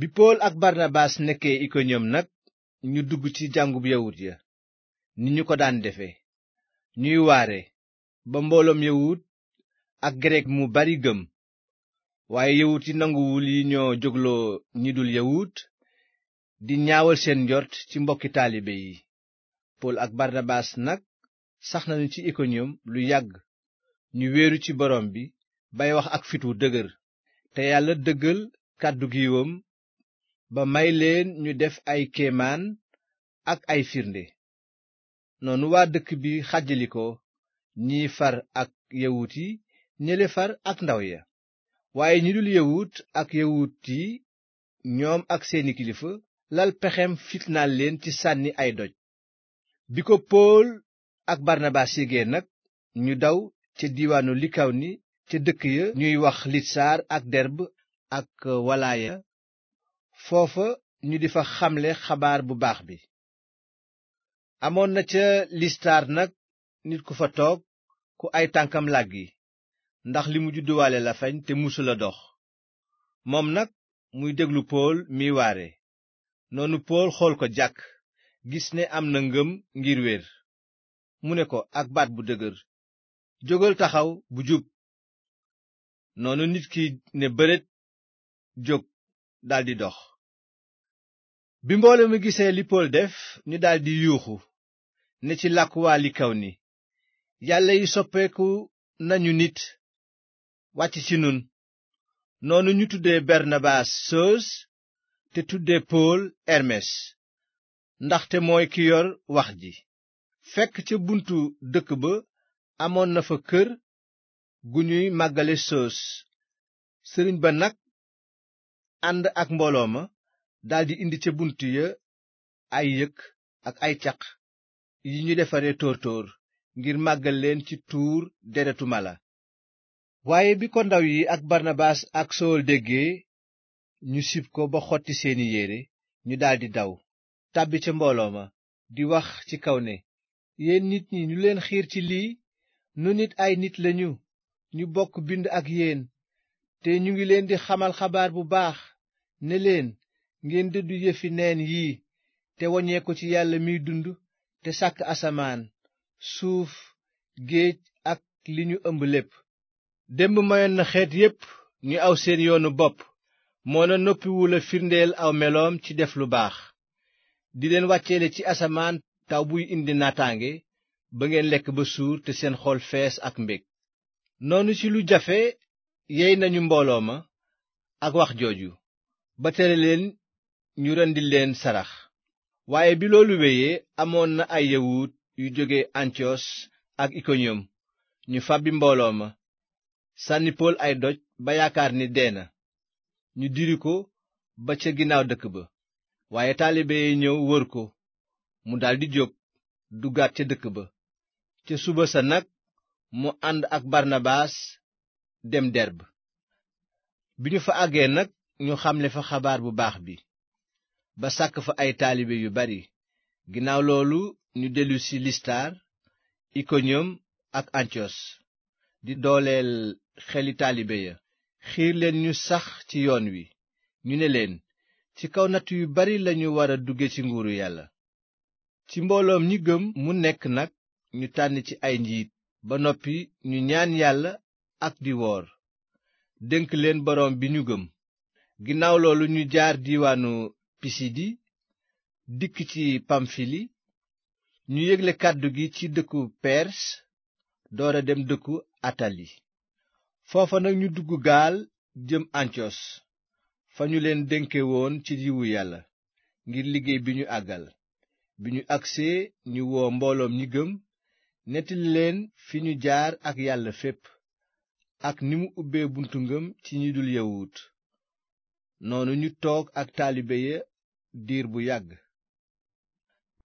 bi pool ak barnabaas nekkee ikoniyom nag ñu dugg ci jàngub yawut ya ni ñu ko daan defe ñuy waare ba mbooloom yawut ak grek mu bari gëm waaye yawut yi nanguwul yi ñoo jógloo ñi dul yawut di ñaawal seen njort ci mbokki taalibe yi pool ak barnabaas nag sax nañu ci ikoniyom lu yàgg ñu wéeru ci borom bi bay wax ak fit wu dëgër te yàlla dëggal kàddu giiwam ba may leen ñu def ay kéemaan ak ay firnde noonu waa dëkk bi xajali ko ñii far ak yawut yi ñële far ak ndaw ya waaye ñi dul yawut ak yawut yi ñoom ak seeni kilifa lal pexem fitnaal leen ci sànni ay doj bi ko pool ak barnabaas yégee nag ñu daw ca diiwaanu likawni ca dëkk ya ñuy wax litsaar ak derb ak walaaya foofa ñu di xamle xabaar bu baax bi amoon na ca listar nag nit ku fa toog ku ay tànkam làggi ndax limu mu la fañ te musula dox moom nag muy déglu pool miy noonu pool xool ko jàkk gis ne am na ngëm ngir wér mu ne ko ak baat bu dëgër jógal taxaw bu jub noonu nit ki ne bëret jóg daldi dox bi mbooloo mi gisee li Pool def ñu daldi yuuxu ne ci làkku waa Likaw ni yàlla yi soppeeku nañu nit wàcc ci nun noonu ñu tuddee Bernabaas Soos te tuddee Pool Hermes ndaxte mooy ki wax ji fekk ca buntu dëkk ba amoon na fa kër gu ñuy màggale Soos sëriñ ba nag ànd ak mbooloo ma daldi indi ca bunt ya ay yëkk ak ay caq yi ñu defare tóortóor ngir màggal leen ci tuur deretu mala waaye bi ko ndaw yi ak barnabaas ak sowal déggee ñu sib ko ba xotti seeni yére ñu daldi daw tàbbi ca mbooloo ma di wax ci kaw ne yéen nit ñi ñu leen xiir ci lii nu nit ay nit lañu ñu bokk bind ak yéen te ñu ngi leen di xamal xabaar bu baax ne leen ngeen dëddu yëfi neen yii te wañeeku ci yàlla miy dund te sàkk asamaan suuf géej ak li ñu ëmb lépp démb mayoon na xeet yépp ñu aw seen yoonu bopp moona noppiwula firndeel aw meloom ci def lu baax di leen wàcceele ci asamaan taw buy indi naataange ba ngeen lekk ba suur te seen xool fees ak mbég noonu ci lu jafe yey nañu mbooloo ma ak wax jooju ba tere leen ñu rendi leen sarax waaye bi loolu wéyee amoon na ay yawut yu jóge antiyos ak ikoniyom ñu fàbbi mbooloo ma sànni pool ay doj ba yaakaar ni dee na ñu diri ko ba ca ginnaaw dëkk ba waaye taalibe yi ñëw wër ko mu daldi jóg duggaat ca dëkk ba ca suba sa nag mu ànd ak barnabaas dem derb bi ñu fa àggee nag ñu xamle fa xabaar bu baax bi ba sàkk fa ay taalibe yu bari ginnaaw loolu ñu dellusi listaar ikoniyom ak antiyos di dooleel xeli taalibe ya xiir leen ñu sax ci yoon wi ñu ne leen ci kaw natt yu bari lañu war a dugge ci nguuru yàlla ci mbooloom ñi gëm mu nekk nag ñu tànn ci ay njiit ba noppi ñu ñaan yàlla ak di woor dénk leen boroom bi ñu gëm ginnaaw loolu ñu jaar diiwaanu pisidi dikk ci pamfili ñu yégle kàddu gi ci dëkku pers doora dem dëkku atali foofa nag ñu dugg gaal jëm antiyos fa ñu leen dénkewoon ci yiwu yàlla ngir liggéey bi ñu àggal bi ñu agsee ñu woo mbooloom ñi gëm nettali leen fi ñu jaar ak yàlla fépp ak ni mu ubbee buntu ngëm ci ñu dul yawut noonu ñu toog ak taalibe ya diir bu yàgg